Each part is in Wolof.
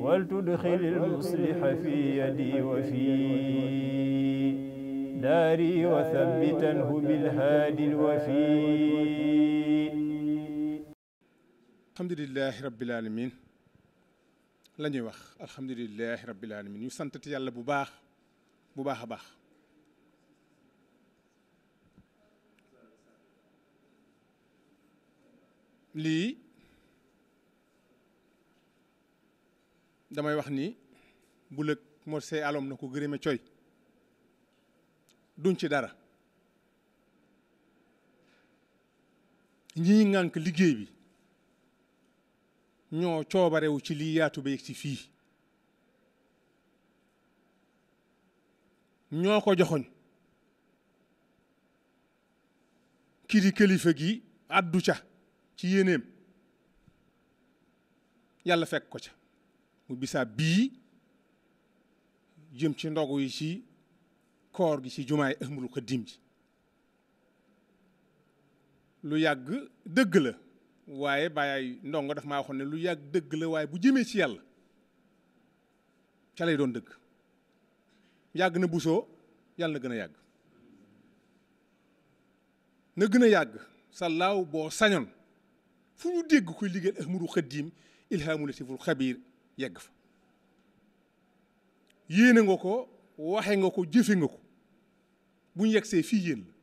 ولتدخل المصلح في يدي وفي داري وثبتنه بالهادي الوفي alhamdulilahi rabbil alamin la ñuy wax alhamdulilahi rabbil alamin ñu sant yàlla bu baax bu baax a baax lii damay wax ni bulëg mor see na ko gërëme coy duñ ci dara ñii ŋànk liggéey bi ñoo coobarewu ci lii yaatu ba yegg ci fii ñoo ko joxoñ kii di kilifa gi àddu ca ci yéeneem yàlla fekk ko ca mu bisaab bii jëm ci ndogu yi ci koor gi ci jumaay Ahmadul Xadim ji lu yàgg dëgg la waaye bàyyaay ndongo daf maa waxoon ne lu yàgg dëgg la waaye bu jëmee ci yàlla ca doon dëgg yàgg na busoo yàlla na gën a yàgg na gën a yàgg sa laaw boo sañoon fu ñu dégg koy liggéeyal Ahmadul Xadim ilhaamulatiful xabiir yegg fa yéene nga ko waxee nga ko jëfe nga ko bu ñu see fii yéen la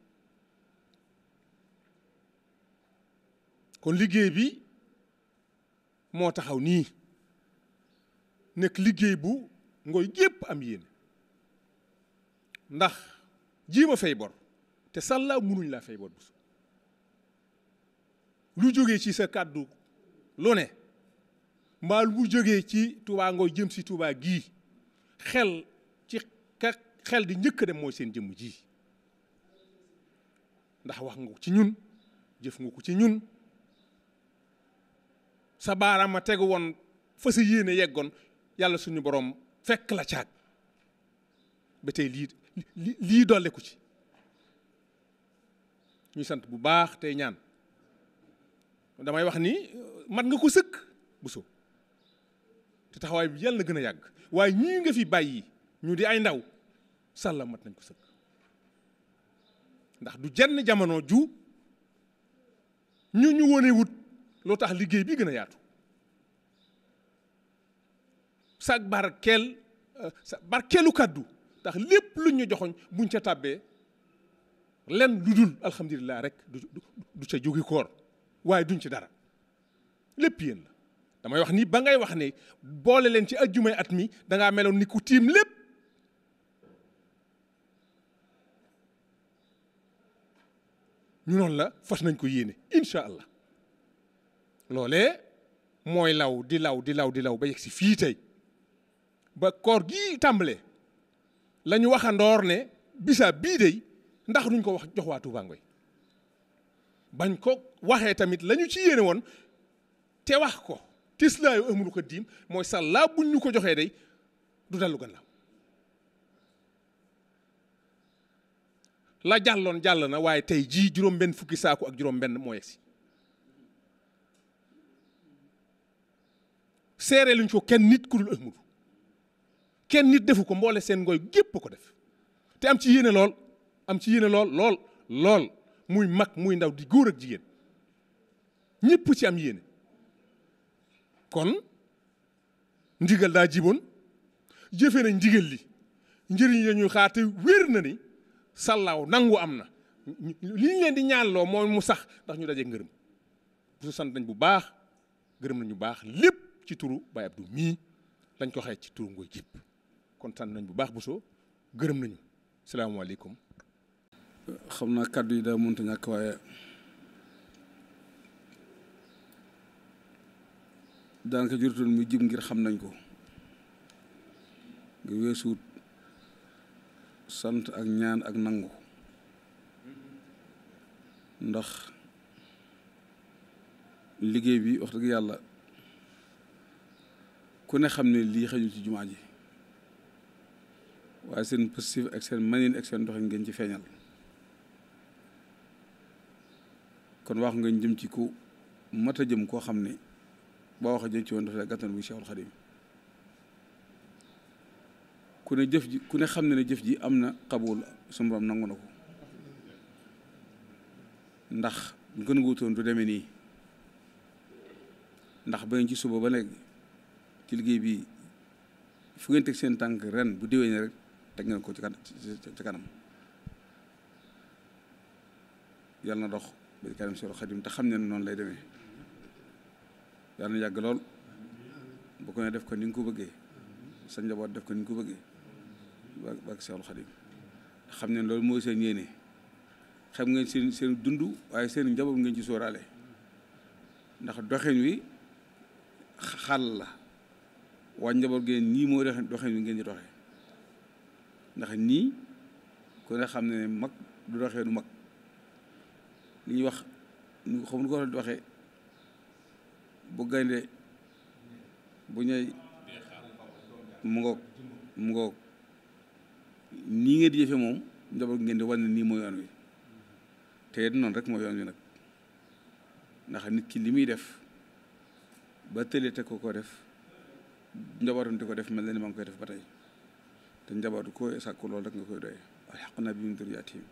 kon liggéey bi moo taxaw nii nekk liggéey bu ngoy gépp am yéene ndax jiima fay bor te sàllaa munuñ laa fay bor bu lu jógee ci sa kàddu lu ne mbaal bu jógee ci Touba Ngoy jëm si Touba gii xel ci ka xel di njëkk dem mooy seen jëmm ji ndax wax nga ko ci ñun jëf nga ko ci ñun sa baaraam a tegu woon fa sa yéene yeggoon yàlla suñu borom fekk la caag ba tey lii lii dolle ku ci ñuy sant bu baax tey ñaan damay wax ni mat nga ko sëkk bu so te taxawaay bi yàlla na gën a yàgg waaye ñii nga fi bàyyi ñu di ay ndaw sàlla mat nañ ko sëkk ndax du jenn jamono ju ñu ñu wone wut loo tax liggéey bi gën a yaatu sag barkeel barkeelu kàddu tax lépp luñ ñu joxoñ buñ ca tàbbee len lu dul alhamdulilah rek du du ca jógi koor waaye duñ ci dara lépp yéen la mooy wax nii ba ngay wax ne boole leen ci ajjumay at mi dangaa meloon ni ku tiim lépp ñu noonu la fas nañ ko yéene incha allah loole mooy law di law di law di law ba yegg si fii tey ba koor gi tàmbalee la ñu waxandoor ne bisaa bii dey ndax nuñ ko wax jox waa Touba Ngoye bañ ko waxee tamit lañu ci yéene woon te wax ko tislaayu amul ko diim mooy sallaa buñ ñu ko joxee day du dellu gannaaw la jàlloon jàll na waaye tey jii juróom-benn fukki saaku ak juróom-benn moo yegsi seere luñ ko kenn nit ku dul amul kenn nit defu ko mboole seen ngoy gépp ko def te am ci yéene lool am ci yéene lool lool muy mag muy ndaw di góor ak jigéen ñëpp ci am yéene kon ndigal daa jiboon jëfe nañ ndigal li njëriñ la ñuy xaar te wér na ni sàllaaw nangu am na li ñu leen di ñaanloo mooy mu sax ndax ñu daje ngërëm bu sant nañ bu baax gërëm nañ bu baax lépp ci turu Baye Abdou mii lañ ko xee ci turu Ngoye Diop kon sant nañ bu baax bu Bousso gërëm nañu salaamaaleykum. xam naa kàddu yi daa mënta ñàkk waaye. daanaka jurutoon mu jub ngir xam nañ ko nga weesuut sant ak ñaan ak nangu ndax liggéey bi wax dëgg yàlla ku ne xam ne lii xajul ci jumaa ji waaye seen positif ak seen manin ak seen doxin ngeen ci feeñal kon wax nga jëm ci ku mat a jëm koo xam ne boo wax jën ci woon dafa gàttan muy Cheikhul Khadim ku ne jëf ji ku ne xam ne ne jëf ji am na xabul suñu borom nangu na ko ndax ñu ko du demee nii ndax bañ ci suba ba léegi ci liggéey bi fu ngeen teg seen tànk ren bu déwénee rek teg ngeen ko ci kanam yàlla na dox ba ci kanam Cheikhul Khadim te xam ne noonu lay demee yàlla yàgg lool bu ko ne def ko ni nga ko bëggee sa njaboot def ko ni ko bëggee ba ak Seexul Xadiim xam ne loolu mooy seen yéene xam nga seen seen dund waaye seen njaboot ngeen ci sóoraale ndax doxin wi xal la waa njaboot ngeen nii mooy doxin wi ngeen di doxee ndax nii ko ne xam ne mag du doxee du mag li wax nu xam nu ko doxee bu gaynde bu ñëw mu ngoog nii ngeen di jëfe moom njaboot ngeen di wan ne nii mooy yoon wi te it noonu rek moo yoon wi nag ndax nit ki li muy def ba tëlee te ko ko def njabootam di ko def mel na ni ma ngi koy def ba tey te njabootu ko sàkku loolu rek nga koy doy waaye xaq naa bi ñu dur yaatiim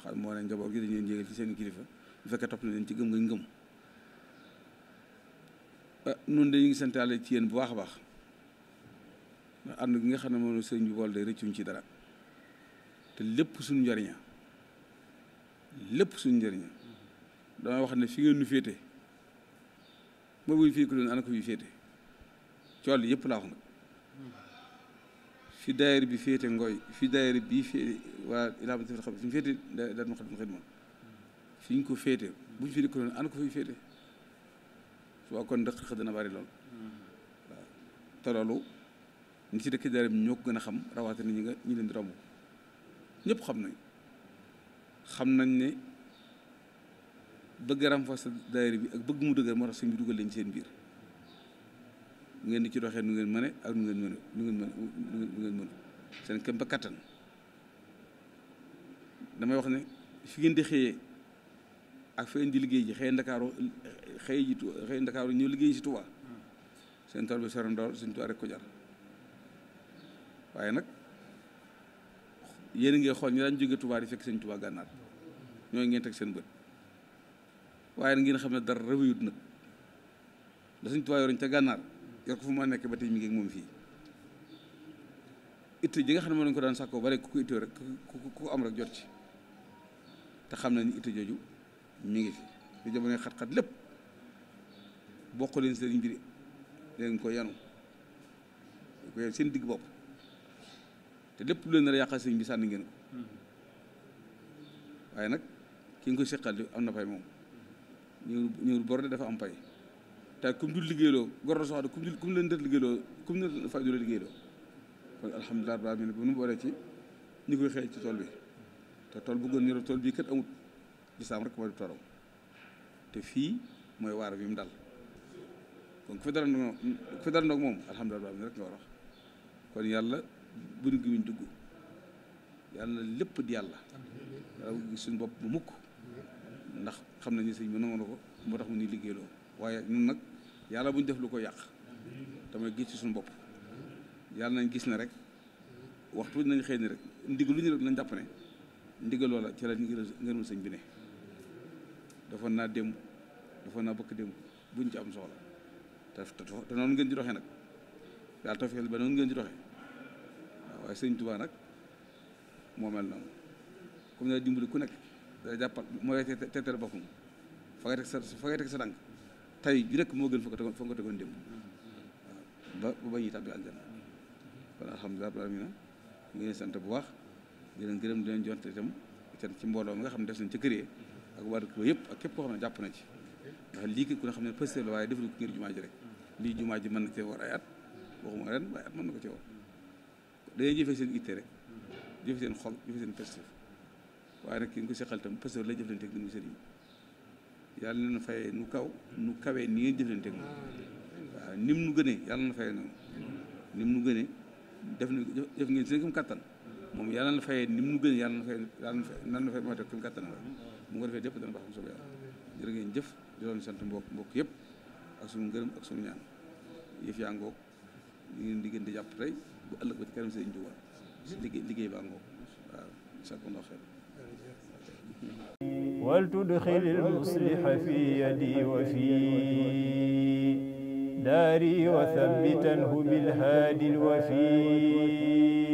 xam moo ne njaboot gi dañu leen yéegal ci seen kilifa bu fekkee topp na leen ci gëm ngañ gëm Euh, noonu de ñu ngi santaale ci yéen bu baax a baax ndax ànd gi nga xam ne moom la sëñ bi ci dara te lépp suñu njariña lépp suñu njariña damay wax ne fi ngeen féete mooy buy fii ku leen ana ko fi féete yëpp laa fi daayir bi féete ngooy fi daayir bii féete waa ilaamati fi xam fi mu féete ma fi ñu ko féete bu ñu féete ku leen ana ko fi féete waa kon ndax xëy bari lool waaw te loolu ñi ci dëkk dara ñoo gën a xam rawatina ñi nga ñi leen di romb ñëpp xam nañ xam nañ ne bëgg renforcer daayira bi ak bëgg mu dëgër moo tax sëñ bi dugal leen seen biir ngeen di ci doxee nu ngeen mëne ak nu ngeen mëne nu ngeen mëne nu seen këm ba kattan damay wax ne fi ngeen di xëyee ak fa indi liggéey ji xëy ndakaaru xëy ji xëy ndakaaru ñëw liggéey si Tuubaa seen tool bi seen Tuubaa rek ko jar nag yéen a xool ñi daan jóge Tuubaa di fekk seen Tuubaa gànnaar ñooy ngeen seen bët waaye ngeen xam ne dara rëwiyut nag la seen Tuubaa yoroon ca gànnaar yor ko fu ma nekk ba tey mi ngeen ak moom fii itte ji nga xam ne moom lañ ko daan sàkkoo bare ku ko ittoo rek ku ko am rek jot ci te xam nañ itte jooju mi ngi fi lu jamonoy xat-xat lépp bokk leen sëriñ bi de leen ko yanu ko seen digg bopp te lépp lu leen nar a yàqal sëriñ bi sànni ngeen ko hmm. waaye nag ki nga koy seqal di am na pay moom ñëw ñëwul bor dafa am pay te kum dul liggéeyloo gor soxna kum dul kum leen def liggéeyloo kum ne fay du la liggéeyloo kon alhamdulilah rabbil alamin bu nu boolee ci ñu koy xëy ci tool bi te tool bu gën tool bii kat amut lislaam rek moo di torom te fii mooy waar bi mu dal kon ku fi dal ndoog ku fi dal moom alhamdulilah rek nga war wax kon yàlla bu gi muñ dugg lépp di yàlla suñ bopp bu mukk ndax xam nañu sëñ bi nangu ko moo tax mu ni liggéeyloo waaye ñun nag yàlla buñ def lu ko yàq damay gis ci suñu bopp yàlla nañ gis ne rek waxtu nañ xëy ni rek ndigal lu ñu rek nañ jàpp ne ndigal loola ci la ngërëm sëñ bi ne defoon naa démb defoon naa bëkk démb buñ ci am soxla te te noonu ngeen ji doxee nag daal tafeel ba noonu ngeen di doxee waaw waaye sëñ Tuubaa nag moo mel noonu comme ne dimbali ku nekk da jàppal mooy teetal boppam fa nga teg sa fa nga teg sa tànk tey ju nekk moo gën fa nga tegoon nga tegoon démb waaw ba ba ñuy tàbbi aljana kon alhamdulilah rabbil alamin ngi leen sant bu baax di leen gërëm di leen jonte itam ci mbooloo mi nga xam ne def nañ ca kër ak war ko yëpp ak képp koo xam ne jàpp na ci ndax lii ki ku ne xam ne pëstéef la waaye def ko ngir jumaa ji rek lii jumaa ji mën na cee war ay at waxuma ren waaye at mën na ko cee war dañuy jëfee seen itte rek jëfe seen xol jëfe seen pëstéef waaye nag ki nga ko seqal itam pëstéef la jëflante ak dunu sëriñ yàlla na fayee nu kaw nu kawee ni ngeen jëflante ak moom waaw nim nu gënee na fayee noonu mu nu gënee def na def ngeen seen kattan moom yàlla na fayee nim nu gënee yàlla na fay yàlla na fay nan bu ko defee lépp dana baax bu soobee yàlla jërë ngeen jëf di leen sant mbokk mbokk yëpp ak suñu ngërëm ak suñu ñaan yëf yaa ngoog ñu ngi leen bu ëllëg ba ci seen njuwaat liggéey liggéey baa ngoog waaw sakuna xeer wal tudxil fi yadi wa fi daari wa thabbitanhu bil haadi al-wafi